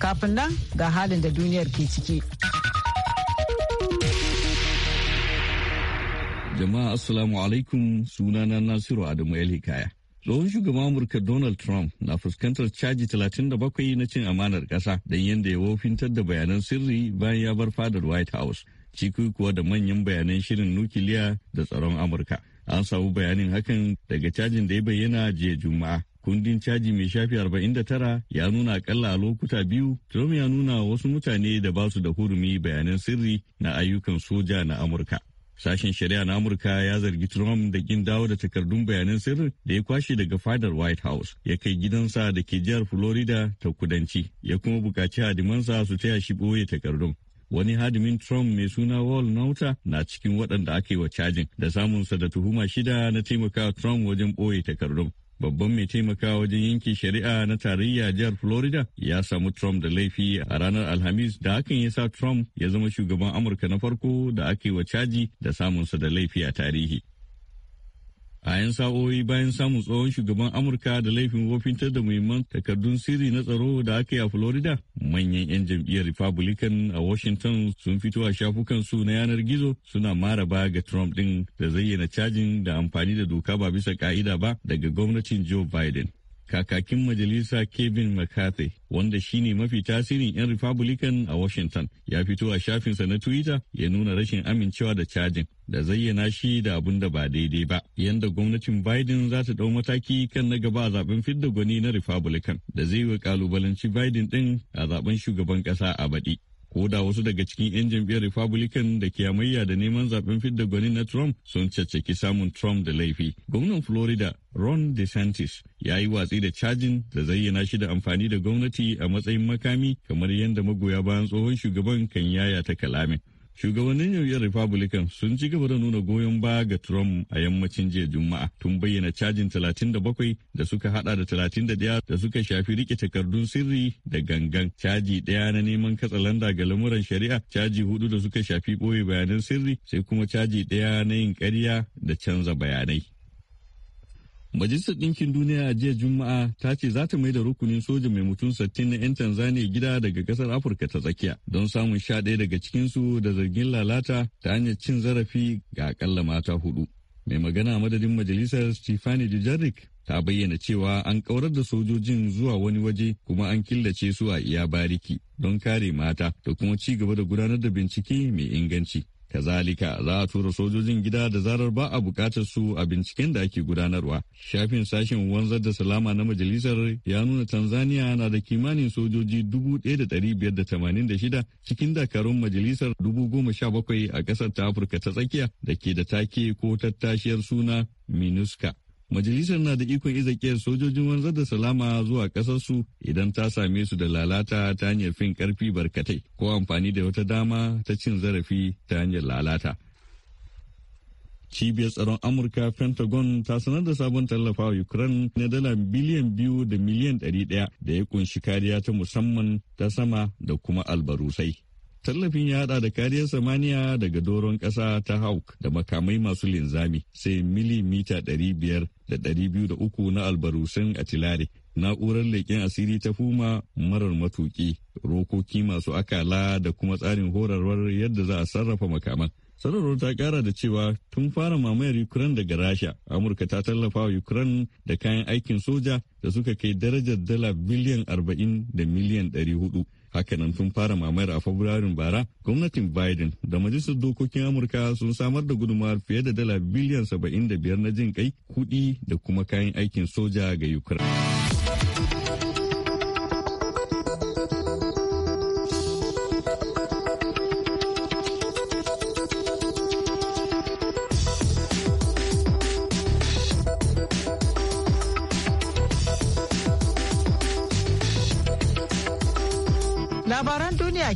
Kafin nan ga halin da duniyar ke ciki. Jama'a Assalamu alaikum sunana Nasiru Adamu kaya Tsohon shugaban Amurka Donald Trump na fuskantar caji 37 na cin amanar ƙasa don yadda ya wofintar da bayanan sirri bayan ya bar fadar White House, ciki kuwa da manyan bayanan shirin nukiliya da tsaron Amurka. An samu bayanin hakan daga cajin da ya bayyana jiya Juma'a. kundin caji mai shafi 49 ya nuna akalla a lokuta biyu trump ya nuna wasu mutane da ba su da hurumi bayanan sirri na ayyukan soja na amurka sashen shari'a na amurka ya zargi trump da kin dawo da takardun bayanan sirri da ya kwashe daga fadar white house ya kai gidansa da ke jihar florida ta kudanci ya kuma bukaci hadimansa su taya shi ɓoye takardun wani hadimin Trump mai suna Wall Nauta na cikin waɗanda aka yi wa cajin da samunsa da tuhuma shida na taimakawa Trump wajen ɓoye takardun. babban mai taimakawa wajen yanke shari'a na tarayya jihar Florida ya samu Trump da laifi a ranar Alhamis da hakan ya sa Trump ya zama shugaban Amurka na farko da ake wa caji da samunsa da laifi a tarihi. a yan sa'o'i bayan samun tsohon shugaban amurka da laifin wofintar da muhimman takardun sirri na tsaro da aka yi a florida manyan 'yan jam'iyyar republican a washington sun fito a shafukan su na yanar gizo suna maraba ga trump din da zayyana cajin da amfani da doka ba bisa ka'ida ba daga gwamnatin joe biden kakakin majalisa Kevin McCarthy wanda shine mafi tasirin 'yan Republican a Washington ya fito a shafinsa na Twitter ya nuna rashin amincewa da cajin da zayyana shi da abun da ba daidai ba Yadda gwamnatin Biden za ta dau mataki kan na gaba a zaben fidda gwani na Republican da zai wa kalubalanci Biden din a zaben shugaban kasa a baɗi. ko da wasu daga cikin 'yan jam'iyyar republican da ke amayya da neman zaben fidda gwani na trump sun caccaki samun trump da laifi gwamnan florida ron desantis ya yi watsi da cajin da zayyana shi da amfani da gwamnati a matsayin makami kamar yadda magoya bayan tsohon shugaban kan yaya ta kalamin Shugabannin jam'iyyar Republican sun ci gaba da nuna goyon baya ga Trump a yammacin jiya Juma'a tun bayyana cajin 37 da suka hada da 31 da suka shafi rike takardun sirri da gangan. Caji ɗaya na neman katsalanda ga lamuran shari'a, caji hudu da suka shafi ɓoye bayanan sirri, sai kuma caji ɗaya na yin ƙarya da canza bayanai. Majalisar Ɗinkin Duniya a jiya Juma'a ta ce za ta mai da rukunin soja mai mutum sattin na 'yan Tanzania gida daga ƙasar Afirka ta tsakiya don samun sha ɗaya daga cikinsu da zargin lalata ta hanyar cin zarafi ga akalla mata hudu. Mai magana madadin majalisar Stefani Dujarric ta bayyana cewa an kaurar da sojojin zuwa wani waje kuma an killace su a iya bariki don kare mata da kuma ci gaba da gudanar da bincike mai inganci. Kazalika za a tura sojojin gida da zarar ba a bukatar su a binciken da ake gudanarwa. Shafin sashen wanzar da salama na majalisar ya nuna Tanzania na da kimanin sojoji 1,586 cikin dakarun majalisar 17,000 a kasar ta Afirka ta tsakiya da ke da take ko tattashiyar suna MINUSCA. Majalisar na da ikon izakiyar sojojin wanzar da salama zuwa kasarsu idan ta same su da lalata ta hanyar fin karfi barkatai ko amfani da wata dama ta cin zarafi ta hanyar lalata. Cibiyar tsaron Amurka Pentagon ta sanar da sabon tallafa tallafawa Ukraine na dala biliyan biyu da miliyan ɗari ɗaya da ya kunshi kariya ta musamman ta sama da kuma albarusai. Tallafin ya hada da kariyar samaniya daga doron kasa ta hauk da makamai masu linzami sai milimita 500 da 203 na albarusan atilare. Na'urar leƙen asiri ta fuma marar matuƙi, rokoki masu akala da kuma tsarin horarwar yadda za a sarrafa makaman. sanarwar ta kara da cewa tun fara mamayar ukraine daga rasha amurka ta tallafa wa ukraine da kayan aikin soja da suka kai darajar dala biliyan 40 da miliyan 400 hakanan tun fara mamayar a fabrairun bara gwamnatin biden da majalisar dokokin amurka sun samar da gudunmawar fiye da dala biliyan 75 na jin kai kuɗi da kuma kayan aikin soja ga ukraine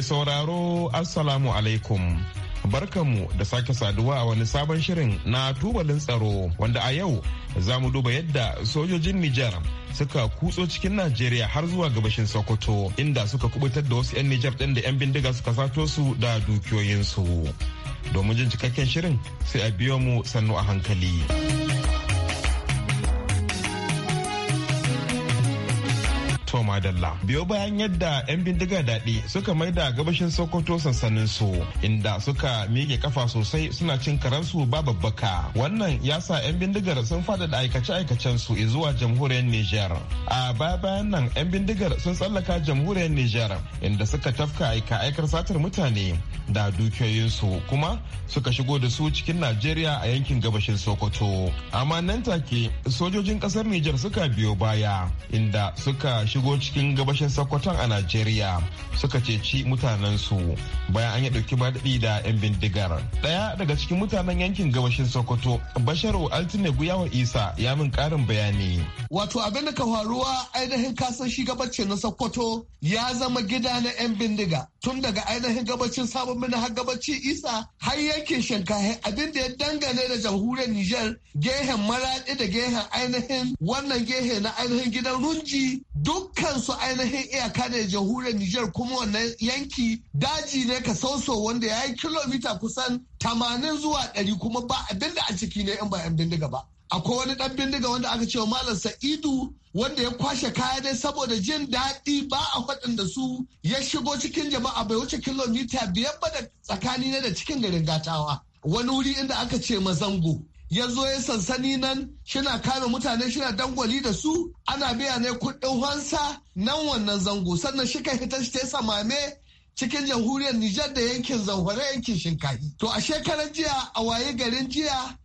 Mai sauraro Assalamu alaikum. Barkanmu da sake saduwa a wani sabon shirin na tubalin tsaro wanda a yau za mu duba yadda sojojin Nijar suka kutso cikin Najeriya har zuwa gabashin Sokoto inda suka kubutar da wasu 'yan Nijar ɗin da 'yan bindiga suka sato su da dukiyoyinsu. Domin jin cikakken shirin sai a biyo mu sannu a hankali. Adalla. biyo bayan yadda 'yan bindiga daɗi suka maida gabashin sokoto sansanin su inda suka miƙe kafa sosai suna cin karansu ba babbaka wannan ya sa 'yan bindigar sun faɗaɗa aikace-aikacen su zuwa jamhuriyar nijar a baya bayan nan 'yan bindigar sun tsallaka jamhuriyar nijar inda suka tafka aika-aikar satar mutane da dukiyoyinsu kuma suka shigo da su cikin najeriya a yankin gabashin sokoto amma nan take sojojin ƙasar nijar suka biyo baya inda suka shigo cikin cikin gabashin Sokoton a Najeriya suka ceci mutanen su bayan an yi ɗauki madadi da 'yan bindigar. Daya daga cikin mutanen yankin gabashin Sokoto, Basharu Altine Guyawa Isa ya min karin bayani. Wato abin da ka faruwa ainihin kasan shi gabacin na Sokoto ya zama gida na 'yan bindiga. tun daga ainihin gabacin sabon mini har gabacin isa har yankin shinkahi abin da ya dangane da jamhuriyar niger gehen maraɗi da gehen ainihin wannan gehe na ainihin gidan runji dukkan su ainihin iyaka da jamhuriyar niger kuma wannan yanki daji ne ka sauso wanda ya yi kilomita kusan 80 zuwa ɗari kuma ba abin da a ciki ne in ba yan bindiga ba. akwai wani dan bindiga wanda aka cewa malam sa'idu wanda ya kwashe kaya dai saboda jin daɗi ba a da su ya shigo cikin jama'a bai wuce kilomita biyar ba da tsakani na da cikin garin gatawa wani wuri inda aka ce mazango ya zo ya sansani nan shina kare mutane shina dangwali da su ana biya ne kuɗin hansa nan wannan zango sannan shika hita shi ta samame cikin jamhuriyar Nijar da yankin zanhore yankin shinkafi. To a shekarar jiya a waye garin jiya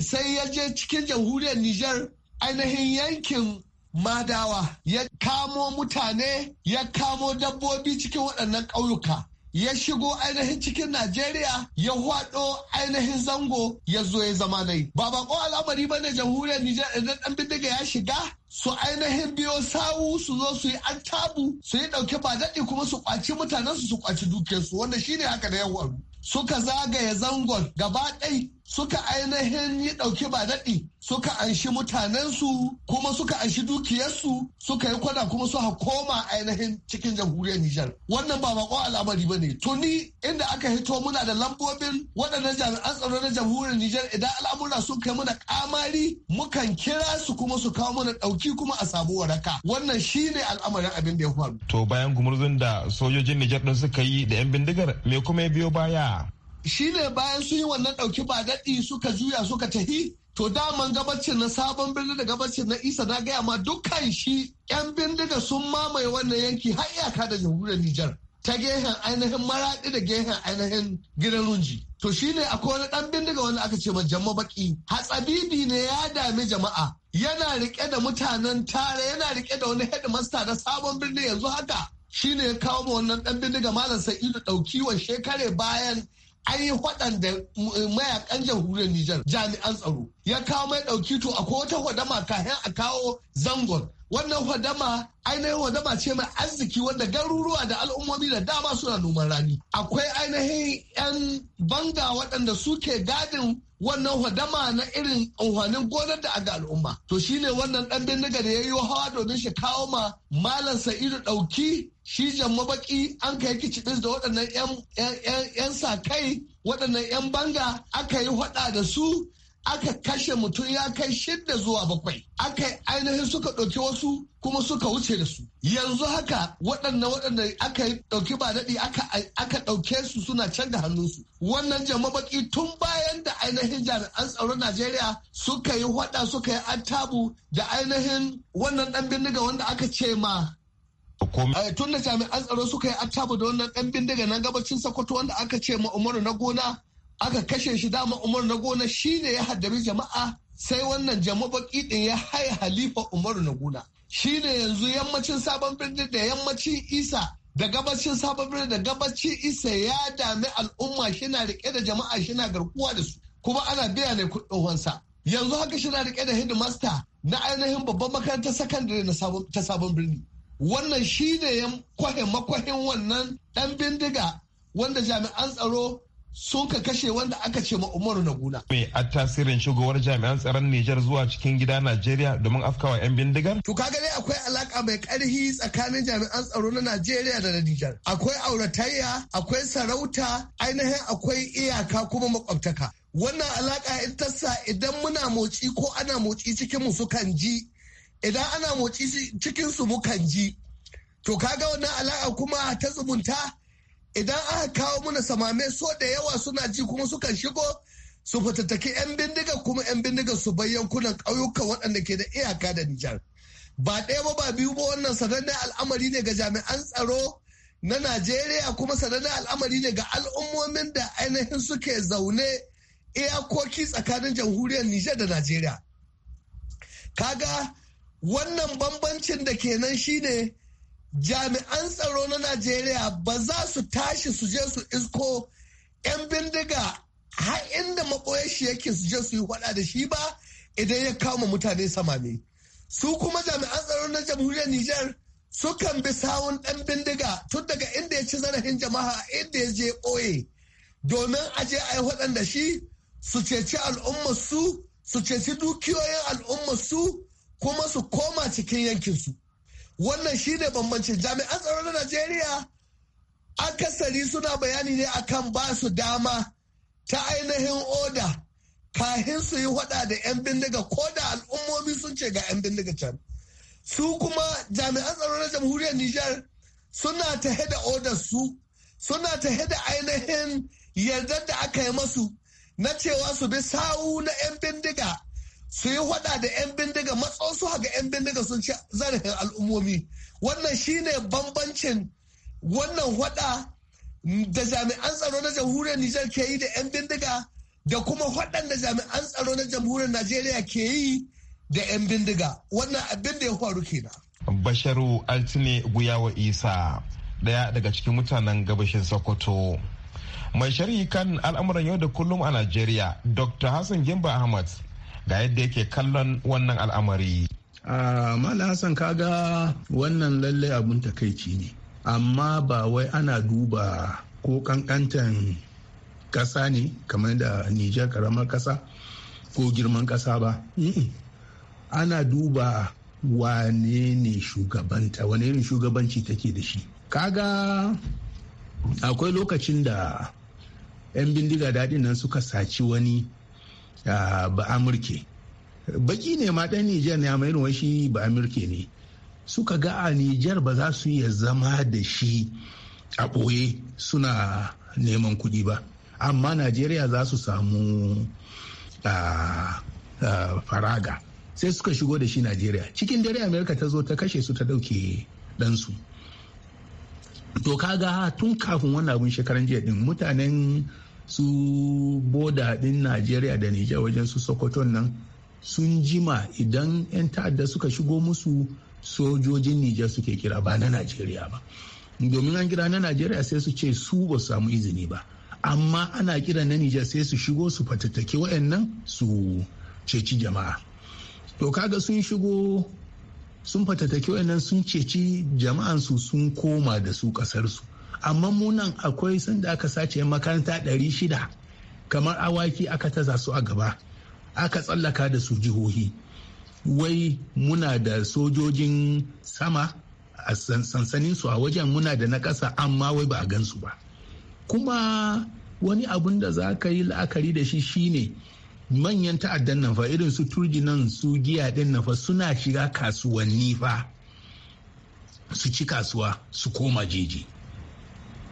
sai ya je cikin jamhuriyar Nijar ainihin yankin madawa ya kamo mutane ya kamo dabbobi cikin waɗannan ƙauyuka ya shigo ainihin cikin Najeriya ya hwaɗo ainihin zango ya zo ya zama nai. Ba bako al'amari ba ne jamhuriyar Nijar idan ɗan bindiga ya shiga su ainihin biyo sawu su zo su yi an tabu su yi ɗauke ba daɗi kuma su kwaci mutanensu su kwaci dukiyarsu wanda shine haka da yawan Suka zagaya zangon gaba ɗai suka ainihin yi ɗauki ba daɗi suka anshi mutanensu kuma suka anshi dukiyarsu suka yi kwana kuma suka koma ainihin cikin jamhuriyar Nijar. Wannan ba bakon al'amari ba ne. Tuni inda aka hito muna da lambobin waɗannan jami'an tsaro na jamhuriyar Nijar idan al'amura sun kai muna kamari mukan kira su kuma su kawo mana ɗauki kuma a samu waraka. Wannan shine al'amarin abin da ya faru. To bayan gumurzun da sojojin Nijar ɗin suka yi da 'yan bindigar me kuma ya biyo baya? Shi ne bayan sun yi wannan ɗauki ba daɗi suka juya suka tahi to daman gabacin na sabon birni da gabacin na isa na gaya ma dukkan shi yan bindiga sun mamaye wannan yanki har iyaka da jamhuriyar nijar ta gehen ainihin maraɗi da gehen ainihin gidan runji to shi ne akwai wani ɗan bindiga wanda aka ce ma jama baki hatsabibi ne ya dami jama'a yana rike da mutanen tare yana rike da wani headmaster na sabon birni yanzu haka Shi ne ya kawo ma wannan dan bindiga malam sa'idu dauki wa shekare bayan an yi da mayakan jamhuriyar Nijar jami'an tsaro ya kawo mai ɗauki to akwai wata hwadama kayan a kawo zangon wannan hwadama ainihin hwadama ce mai arziki wanda garuruwa da al'ummomi da dama suna noman rani akwai ainihin 'yan banga waɗanda suke gadin wannan hudama na irin amfanin gonar da aga al'umma to shine wannan dan bindiga da ya yi hawa domin shi kawo ma malam sa'idu dauki shi jan mabaki an kai kicibis da waɗannan 'yan sa kai waɗannan 'yan banga aka yi hada da su aka kashe mutum ya kai shidda zuwa bakwai aka ainihin suka ɗauki wasu kuma suka wuce da su yanzu haka waɗannan waɗannan aka yi ɗauki ba daɗi aka ɗauke su suna can da hannunsu wannan jan baki tun bayan da ainihin jami'an tsaron najeriya suka yi hwada suka yi attabu da ainihin wannan ɗan bindiga wanda aka ce ma komai. Eh, tun da jami'an tsaro suka yi attabu da wannan ɗan bindiga nan gabacin sokoto wanda aka ce ma umaru na gona aka kashe shi dama umaru na gona shine ya haddari jama'a sai wannan baƙi din ya haye halifa umaru na gona shine yanzu yammacin sabon birni da yammacin isa da gabacin sabon birni da gabacin isa ya dami al'umma shina rike da jama'a shina garkuwa da su kuma ana biya ne kuɗin wansa yanzu haka shina rike da hidimasta na ainihin babban makarantar sakandare ta sabon birni wannan shi ne ya kwahe makwahin wannan ɗan bindiga wanda jami'an tsaro sun ka kashe wanda aka ce ma umaru na guna. Me a tasirin shigowar jami'an tsaron Nijar zuwa cikin gida Najeriya domin afkawa 'yan bindigar? To kaga dai akwai alaka mai karhi tsakanin jami'an tsaro na Najeriya da na Nijar. Akwai auratayya, akwai sarauta, ainihin akwai iyaka kuma makwabtaka. Wannan alaka ita sa idan muna motsi ko ana motsi cikin mu sukan ji idan ana motsi cikin su mukan ji to kaga wannan ala'a kuma ta zumunta idan aka kawo mana samame so da yawa suna ji kuma sukan shigo su fatattaki 'yan bindiga kuma 'yan bindiga su bai yankunan ƙauyuka waɗanda ke da iyaka da Nijar. Ba ɗaya ba ba biyu ba wannan sanannen al'amari ne ga jami'an tsaro na Najeriya kuma sanannen al'amari ne ga al'ummomin da ainihin suke zaune iyakoki tsakanin jamhuriyar Nijar da Najeriya. Kaga wannan bambancin da kenan shine jami'an tsaro na najeriya ba za su tashi su je su isko 'yan bindiga har inda maɓoyashi yake su je su yi hwada da shi ba idan ya kama mutane samani su kuma jami'an tsaro na jamhuriyar niger sukan bi sawun ɗan bindiga tun daga inda ya ci zarafin jama'a inda ya je ɓoye domin a je a yi waɗanda shi su ceci al'ummar su su ceci dukiyoyin al'ummar su kuma su koma cikin yankinsu wannan shi ne bambanci. jami'an tsaro na najeriya akasari suna bayani ne akan ba su dama ta ainihin oda kahin su yi hada da 'yan bindiga ko da al'ummomi sun ce ga 'yan bindiga can su kuma jami'an tsaro na jamhuriyar Nijar suna ta da odar su suna ta da ainihin yardar da aka yi masu na cewa su bi sawu na 'yan bindiga su yi hada da 'yan bindiga matsan su haka 'yan bindiga sun ci zarafin al'ummomi wannan shine bambancin wannan hada da jami'an tsaro na jamhuriyar nijar ke yi da 'yan bindiga da kuma hadan da jami'an tsaro na jamhuriyar najeriya ke yi da 'yan bindiga wannan abin da ya faru kenan basharu altine guyawa isa daya daga cikin mutanen gabashin sokoto mai sharhi kan al'amuran yau da kullum a najeriya dr hassan gimba ahmad ga yadda yake kallon wannan al'amari. Ah, Mala Hassan kaga wannan lallai abun takaici ne, amma ba wai ana duba ko kankantan ƙasa ne kamar da Nijar karamar ƙasa ko girman ƙasa ba. Ana duba wane ne shugabanta, wane irin shugabanci take da shi. Kaga akwai lokacin da 'yan bindiga daɗin nan suka saci wani Ah, ba amurke baki ne ma dan nijar ne amma irin shi ba amurke ne suka ga a nijar ba za su iya zama da shi a ɓoye suna neman kuɗi ba amma najeriya za su samu ah, ah, faraga sai suka shigo da shi najeriya cikin dare amerika ta zo ta kashe su ta ɗauke ɗansu to kaga tun kafin wannan abin shekaran jiya din mutanen su boda din najeriya da nijar wajen su sokoton nan sun jima idan 'yan ta'adda suka shigo musu sojojin nijar suke kira ba na najeriya ba domin an kira na najeriya sai su ce su ba samu izini ba amma ana kira na nijar sai su shigo su fatattake wayannan su ceci jama'a to kaga sun shigo sun fatattake wayannan sun ceci jama'ansu sun koma da su kasarsu amma munan akwai sun da aka sace makaranta 600 kamar awaki aka taza su a gaba aka tsallaka da su jihohi wai muna da sojojin sama a sansanin su a wajen muna da na ƙasa amma wai ba a gansu ba kuma wani abun da za ka yi la'akari da shi shine manyan ta'addan nan fa irin su turji nan su giya din nan fa suna shiga kasuwanni fa su ci kasuwa su koma jeji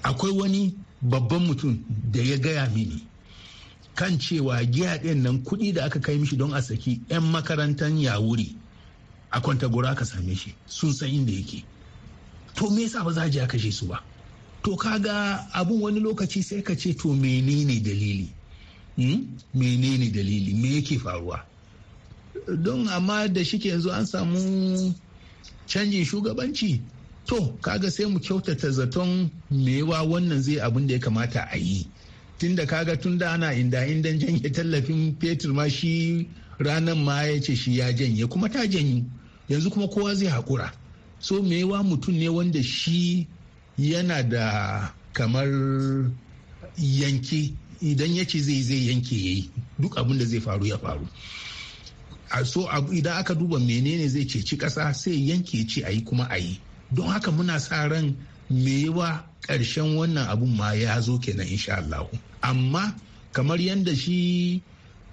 akwai wani babban mutum da ya gaya mini kan cewa giya ɗin nan kuɗi da aka kai mishi don a saki 'yan makarantar yawuri a kwanta kwantagora aka same shi sun san inda yake to me yasa ba za a je a kashe su ba to kaga abun wani lokaci sai ka ce to menene dalili hmm? menene dalili me yake faruwa don amma da shike yanzu an samu canjin shugabanci to kaga sai mu kyautata zaton mewa wannan zai abin da ya kamata a yi Tun da kaga tun da ana inda indan janye tallafin fetur ma shi ranar ma ya ce shi ya janye kuma ta janyu yanzu kuma kowa zai hakura so mewa mutum ne wanda shi yana da kamar yanke idan ya ce zai zai yanke ya yi duk abin da zai faru ya faru so idan aka duba menene zai ceci ƙasa sai yanke ce a yi kuma a yi don haka muna sa ran me yawa ƙarshen wannan abun ma ya zo kenan insha Allah amma kamar yadda shi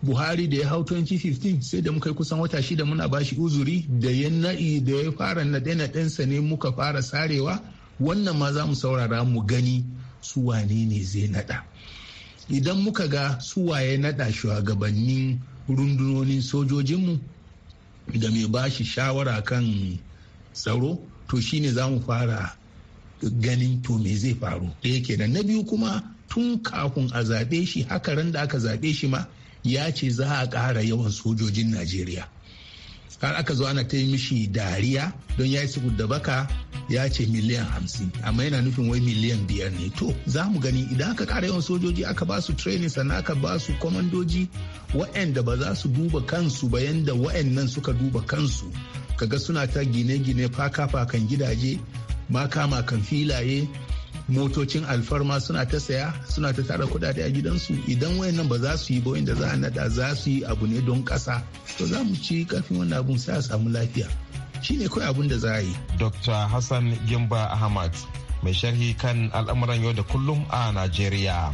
Buhari da ya hau 2015 sai da muka yi kusan wata shida muna bashi uzuri da ya na'i da ya fara naɗe naɗensa ne muka fara sarewa wannan ma za mu saurara mu gani su wane ne zai naɗa idan muka ga su waye naɗa shugabannin rundunonin sojojinmu da mai bashi shawara kan tsaro to shine za mu fara ganin to me zai faru yake da na biyu kuma tun kafin a zaɓe shi haka ran da aka zaɓe shi ma ya ce za a ƙara yawan sojojin najeriya har aka zo ana ta yi mishi dariya don ya yi da baka ya ce miliyan hamsin amma yana nufin wai miliyan biyar ne to za mu gani idan aka ƙara yawan sojoji aka ba su training sannan aka ba su kwamandoji wa'anda ba za su duba kansu ba yanda wa'annan suka duba kansu kaga suna ta gine-gine faka-fakan gidaje makama kan filaye motocin alfarma suna ta saya suna ta tara kudade a gidansu idan wayannan ba za su yi ba inda za a nada za su yi abu ne don kasa to za mu ci karfin wannan abun sai a samu lafiya shine kawai abun da za a yi dr hassan gimba ahmad mai sharhi kan al'amuran yau da kullum a najeriya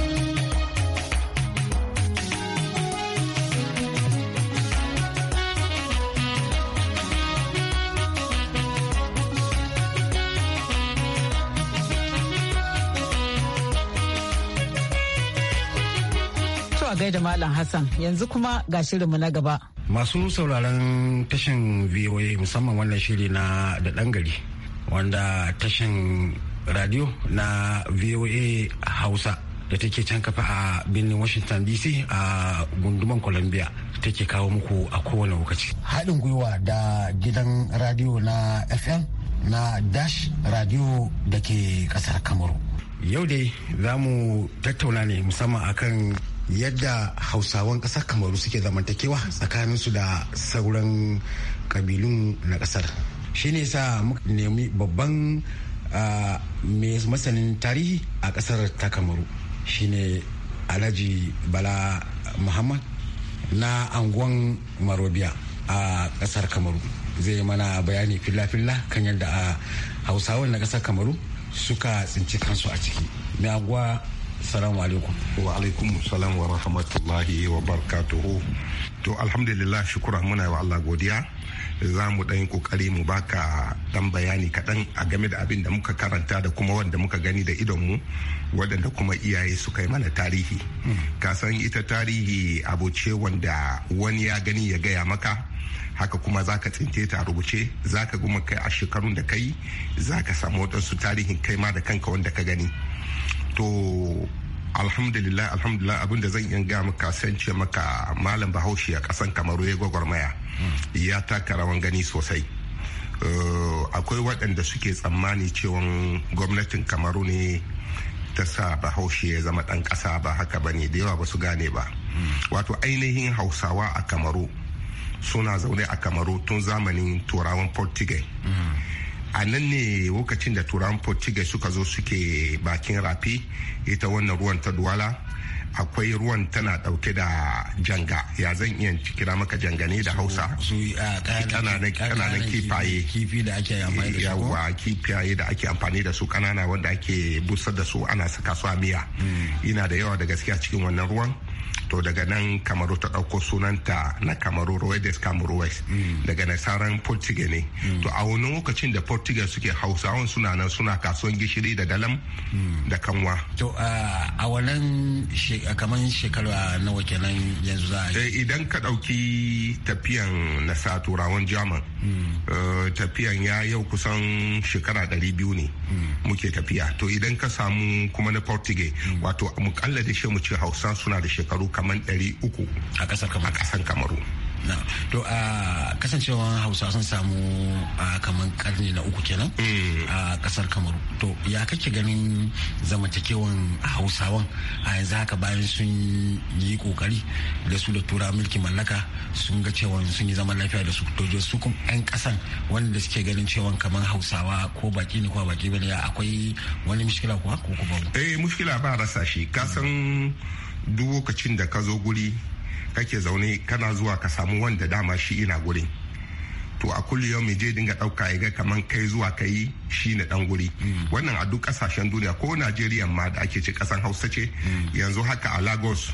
da Malam Hassan yanzu kuma ga shirinmu na gaba. Masu sauraron tashin VOA musamman wannan shiri na da ɗan gari wanda tashin radio na VOA Hausa da take can kafa a birnin Washington DC a gunduman Columbia take kawo muku a kowane lokaci. Haɗin gwiwa da gidan radio na FM na Dash Radio da ke ƙasar Kamaru. yau dai za mu tattauna ne musamman akan yadda hausawan ƙasar kamaru suke zamantakewa tsakanin su da sauran kabilun na ƙasar shi ne sa muka nemi babban mai masanin tarihi a ƙasar ta kamaru shine alhaji bala muhammad na anguwan marobiya a ƙasar kamaru zai mana bayani filla-filla kan yadda a hausawan na ƙasar kamaru suka tsinci kansu a ciki mai anguwa Salamu alaikum. Wa alaikum salam wa rahmatullahi wa barakatuhu. To alhamdulillah shukura muna wa Allah godiya. Za mu ɗan kokari mu baka ɗan bayani kaɗan a game da abin da muka karanta da kuma wanda muka gani da idonmu wadanda kuma iyaye suka yi mana tarihi. ka san ita tarihi abu wanda wani ya gani ya gaya maka haka kuma za ka tsinte ta rubuce za ka kuma kai a shekarun da kai za ka samu waɗansu tarihin kai ma da kanka wanda ka gani. to alhamdulillah alhamdulillah abin da zan iya ga maka sance maka malam bahaushe a kasan kamaru ya gwagwarmaya ya taka rawan gani sosai eh, akwai waɗanda suke tsammani cewa gwamnatin kamaru ne ta sa bahaushe ya zama ɗan ƙasa ba haka ba ne da yawa ba su gane ba wato ainihin hausawa a kamaru suna zaune a kamaru tun zamanin turawan portugal a nan ne lokacin da turan portugal suka zo suke bakin rafi ita wannan ruwan ta duwala akwai ruwan tana dauke da janga ya zan iya kira maka janga ne da hausa kananan kifaye da ake amfani da kifaye da da su kanana wanda ake busar da su ana saka su a miya hmm. ina da yawa da gaskiya cikin wannan ruwan to daga nan kamaru ta ɗauko sunanta na kamaru roedes west mm. daga nasaran portugal ne mm. to a wani lokacin da portugal suke hausawan suna nan suna kasuwan gishiri da dalam mm. da kanwa to a wannan kamar shekaru wake nan yanzu za a eh, idan ka ɗauki tafiyan nasa turawan german eh, tafiyan ya yau kusan shekara ɗari biyu ne muke tafiya to idan ka samu kuma na portugal wato mukalla da shi mu ce hausa suna da shekaru kamar ɗari uku a ƙasar kamaru to a kasancewa hausa sun samu a kamar karni na uku kenan eh. a kasar kamaru to ya kake ganin zamantakewan hausawan a yanzu haka bayan sun yi kokari da su da tura mulki mallaka sun ga cewa sun yi zaman lafiya da su to su kuma yan kasan wanda suke ganin cewa kamar hausawa ko baki ne ko baki bane akwai wani mushkila kuwa ko kuma eh mushkila ba rasa shi kasan duk lokacin da ka zo guri kake zaune kana zuwa ka samu wanda dama shi ina gurin to a yau mai je dinga ɗauka ya ga kaman kai zuwa kai shi na ɗan guri wannan a duk ƙasashen duniya ko Najeriya ma da ake ce ƙasan Hausa ce yanzu haka a Lagos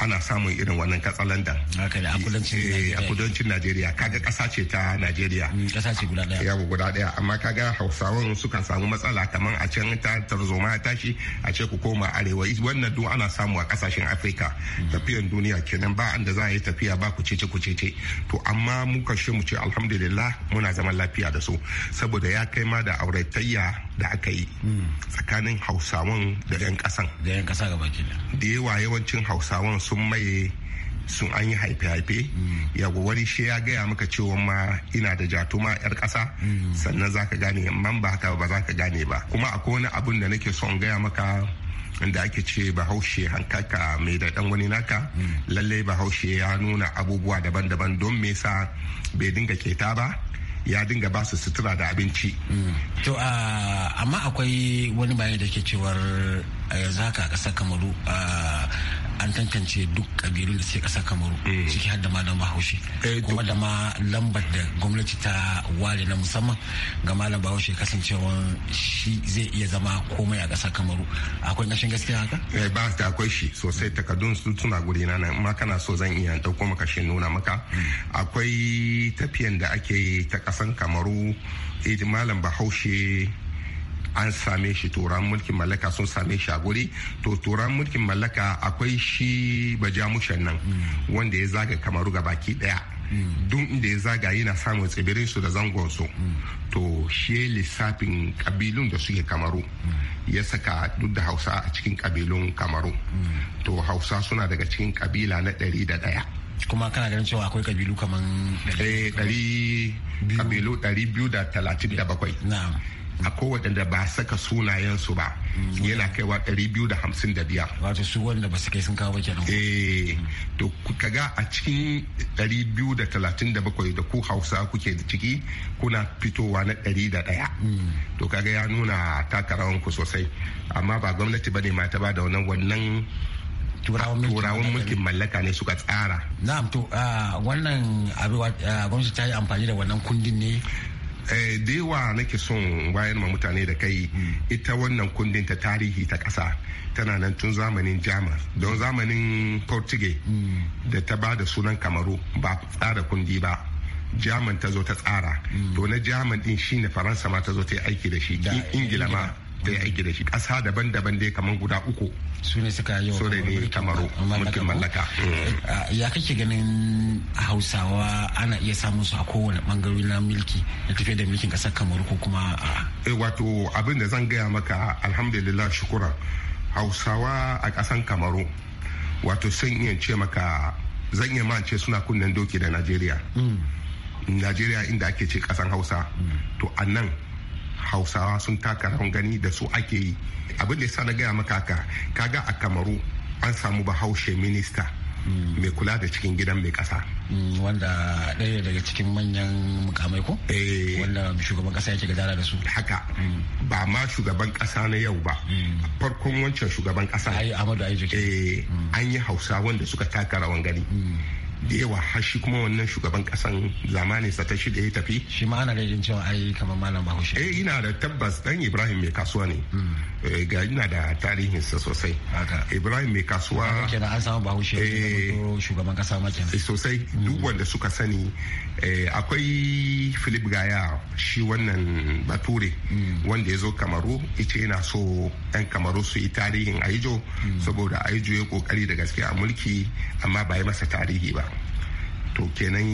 ana samun irin wannan katsalandan a eh, kudancin Najeriya kaga ƙasa ce ta Najeriya mm, ce guda daya yawo guda ɗaya amma kaga Hausawan sukan samu matsala kamar a can ta tarzoma ya tashi a ce ku koma arewa wannan duk ana samu a ƙasashen Afirka tafiyan duniya kenan ba za a yi tafiya ba ku cece ku cece to amma muka shi mu ce alhamdulillah alhamdulillah muna zaman lafiya da su saboda ya kai ma da auratayya da aka yi hmm. tsakanin hausawan da 'yan kasan da 'yan kasa gaba da yawa yawancin hausawan sun maye sun an yi haife-haife hmm. yago wani shi ya gaya maka cewa ma ina da jatuma yar ƙasa hmm. sannan za ka gane man ba haka ba za ka gane ba kuma akwai wani abun da nake son gaya maka da ake ce bahaushe hankaka mai da dan wani naka lallai bahaushe ya nuna abubuwa daban-daban don me sa bai dinga keta ba ya dinga ba su sutura da abinci. Mm. To ah, amma akwai wani bayani da ke cewar a yanzu haka a ƙasar kamaru an tantance duk kabilun da suke ƙasar kamaru eh. ciki har da ma don bahaushe eh, kuma da ma lambar da gwamnati ta ware na musamman ga malam bahaushe kasancewa shi zai iya zama komai a ƙasar kamaru akwai ƙashin gaskiya haka? Eh, ba ta akwai shi sosai takardun su suna guri na nan ma kana so zan iya ɗauko maka shi nuna maka hmm. akwai tafiyan da ake ta ƙasan kamaru malam bahaushe an same shi turan mulkin mallaka sun same shi a guri to turan mulkin mallaka akwai shi bajamushen nan wanda ya zaga kamaru ga baki daya duk inda ya zaga yana samun tsibirin su da zangon su to shi lissafin kabilun da suke kamaru ya saka duk da hausa a cikin kabilun kamaru to hausa suna daga cikin kabila na ɗari da ɗaya kuma kana ganin cewa akwai kabilu kamar. ɗari kabilu eh, ɗari biyu da talatin da bakwai akwai waɗanda ba saka sunayensu ba yana kaiwa ɗari biyu da hamsin da wato su wanda ba su kai sun kawo kenan eh to kaga a cikin ɗari biyu da talatin da bakwai da ku hausa kuke da ciki kuna fitowa na ɗari da ɗaya hmm. to kaga ya nuna taka rawanku sosai amma ba gwamnati ba ne ma ta ba da wannan wannan turawan mulkin mallaka ne suka tsara na'am to ah, wannan abuwa ah, gwamnati ta yi amfani da wannan kundin ne Eh, da yawa nake son wayar ma mutane da kai ita wannan kundin ta tarihi ta ƙasa tana nan tun zamanin jamus don zamanin portugal da ta ba da sunan kamaru ba tsara kundi ba jamus ta zo ta tsara to na jamus din shine faransa ma ta zo ta yi aiki da shi ingila ma da ya aiki da shi ƙasa daban-daban dai kamar guda uku su ne suka yi wa ne kamaru mulkin mallaka eh, ya kake ganin hausawa ana iya samun su a kowane bangare na mulki na tafiya da mulkin ƙasar kamaru ko kuma a eh, wato abin da zan gaya maka alhamdulillah shukura hausawa a ƙasan kamaru wato sun iya ce maka zan iya mance suna kunnen doki da najeriya mm. najeriya inda ake ce ƙasan hausa mm. to a nan hausawa sun taka rawan gani da su ake yi abin da ya na gaya maka ka kaga a kamaru an samu bahaushe minista hmm. mai kula da cikin gidan mai kasa hmm, wanda ɗaya daga cikin manyan mukamai ko eh. wanda shugaban kasa yake gadara da su haka hmm. ba ma shugaban kasa na yau ba farkon wancan shugaban kasa eh, an yi hausa wanda suka taka rawan gani da yawa har shi kuma wannan shugaban kasan zamani sa ta shida ya tafi shi ma ana ganin cewa ai kamar malam bahaushe eh ina da tabbas dan ibrahim mai kasuwa ne hmm. eh, ga ina da tarihin sa sosai ibrahim mai kasuwa kenan an samu bahaushe eh. shugaban kasa ma kenan eh, sosai duk hmm. wanda suka sani akwai philip gaya shi wannan bature hmm. wanda ya zo kamaru ita yana so yan kamaru su yi tarihin aijo saboda aijo ya kokari da gaske a mulki amma ba yi masa tarihi ba to kenan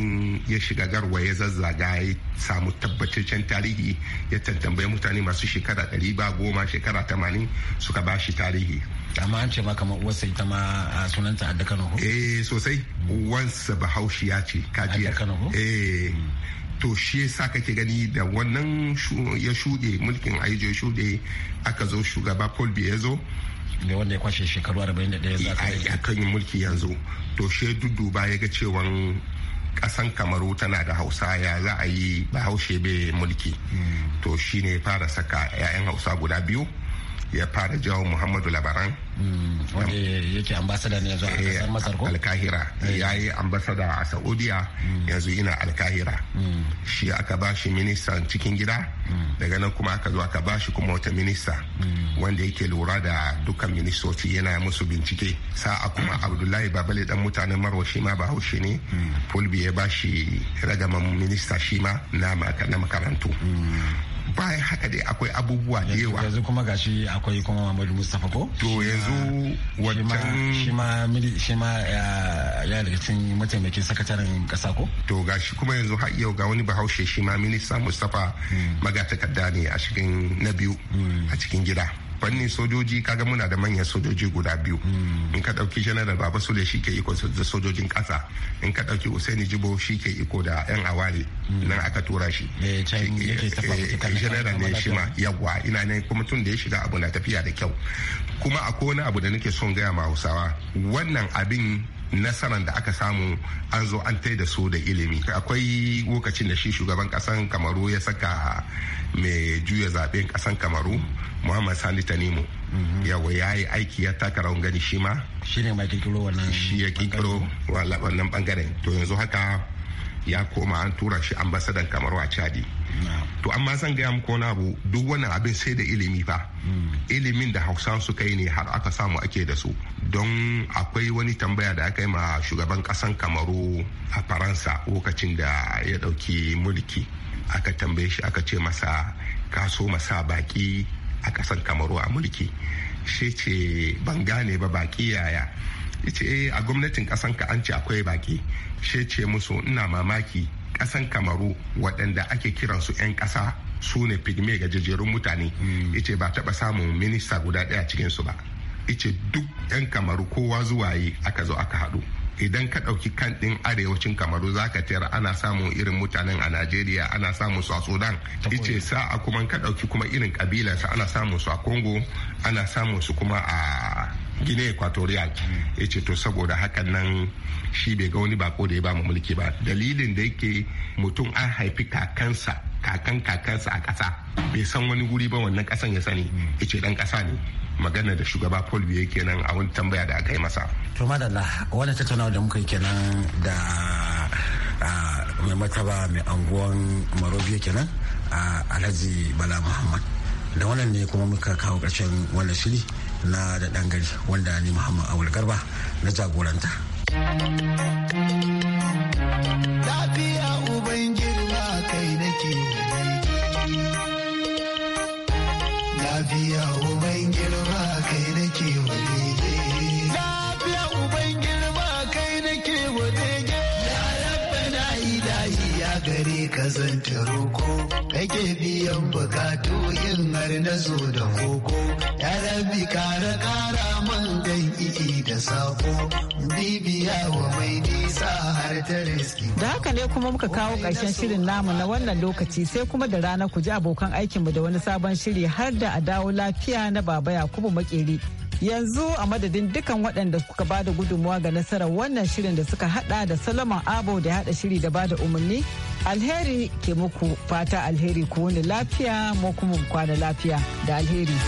ya shiga garwa ya zazzaga ya samu tabbataccen tarihi ya tattambaye mutane masu shekara ɗari ba goma shekara tamanin suka ba shi tarihi amma an ce ma kamar uwarsa ita ma sunanta adda kano eh sosai uwansa bahaushiya ce kajiya eh hmm. to shi yasa kake gani da wannan ya shuɗe mulkin aijo shuɗe aka zo shugaba paul biya ya zo ne wanda ya kwashe shekaru 41 za a kan yi mulki yanzu to she ba ya ga cewa kasan kamaru tana da hausa ya za a yi bahaushe bai mulki hmm. to shi shine fara saka 'ya'yan hausa guda biyu ya fara jawo muhammadu labaran hmm, wanda yake ambasada ne yanzu a kasar eh, masar ko alkahira eh. ya yi ambasada a saudiya hmm. yanzu ina alkahira hmm. shi aka ba shi ministan cikin gida daga nan kuma aka zo aka ba shi kuma wata minista wanda yake lura da dukkan ministoci yana musu bincike sa'a kuma abdullahi babale dan mutanen marwa shi ma bahaushe ne fulbi ya ba shi ragaman minista shi ma na makarantu baya haka dai akwai abubuwa da yawa yanzu kuma gashi akwai kuma Muhammadu Mustapha ko to yanzu wancan shi ma shi ma ya daga cikin mataimakin sakataren kasa ko to gashi kuma yanzu har yau ga wani bahaushe shi ma minista Mustapha hmm. magatakarda ne a cikin na biyu hmm. a cikin gida fannin sojoji kaga muna da manyan sojoji guda biyu hmm. in ka dauki janar baba sule shi ke iko da sojojin kasa in ka dauki usaini jibo shi ke iko da yan awali. Hmm. nan aka tura shi janar eh, eh, ne shi ma ina ne kuma tun da ya shiga abu na tafiya da kyau kuma akwai wani abu da nake son gaya ma hausawa wannan abin nasaran da aka samu an zo an tai da su da ilimi akwai lokacin da shi shugaban kasan kamaru ya saka mai juya zaben kasan kamaru muhammad sani tanimu mhm. yawa ya yi aiki ya taka rawan gani shi ma shi ne mai wannan shi ya kikiro wannan bangaren to yanzu haka ya koma an tura shi ambasadan kamaru a chadi to amma zan gaya muku wani abu duk wannan abin sai da ilimi fa hmm. ilimin da hausa suka yi ne har aka samu ake da su don akwai wani tambaya da aka yi ma shugaban kasan kamaru a faransa lokacin da ya dauki mulki aka tambaye shi aka ce masa kaso masa baki a ƙasar kamaru a mulki shi ce ban gane ba baki yaya ce eh, a gwamnatin ƙasan ka an ce akwai baki shi ce musu ina mamaki ƙasan kamaru waɗanda ake kiransu 'yan ƙasa su ne ga gajejerun mutane ice hmm. ba taɓa samun minista guda ɗaya cikinsu ba ice duk 'yan kamaru kowa zuwa yi aka zo aka haɗu idan ka ɗauki kan ɗin arewacin kamaru za ka tayar ana samun irin mutanen a najeriya ana samun su a sudan ice sa a kuma ka ɗauki kuma irin kabilarsa ana samun su a congo ana samun su kuma a gine equatorial ya hmm. ce to saboda hakan nan shi bai ga wani bako da ya ba mu mulki ba dalilin da yake mutum an haifi kakansa kakan kakansa a ƙasa bai san wani guri ba wannan ƙasan ya sani mm. ya ce ɗan ƙasa ne magana da shugaba paul biya kenan a wani tambaya da aka yi masa to madalla wani tattaunawa da muka yi kenan da mai mataba mai anguwan marobiya kenan a alhaji bala muhammad da wannan ne kuma muka kawo ƙarshen wannan shiri na da ɗan gari wanda ni muhammad awul garba na jagoranta nake biyan bukatu yin har na zo da koko ya rabi kara kara man iki da sako bibiya wa mai nisa har ta riski da haka ne kuma muka kawo ƙarshen shirin namu na wannan lokaci sai kuma da rana ku ji abokan aikinmu da wani sabon shiri har da a dawo lafiya na baba yakubu makeri yanzu a madadin dukan waɗanda kuka bada da gudunmuwa ga nasarar wannan shirin da suka hada da salaman abo da ya hada shiri da ba da umarni alheri ke muku fata alheri ku wani lafiya mu kuma kwana lafiya da alheri.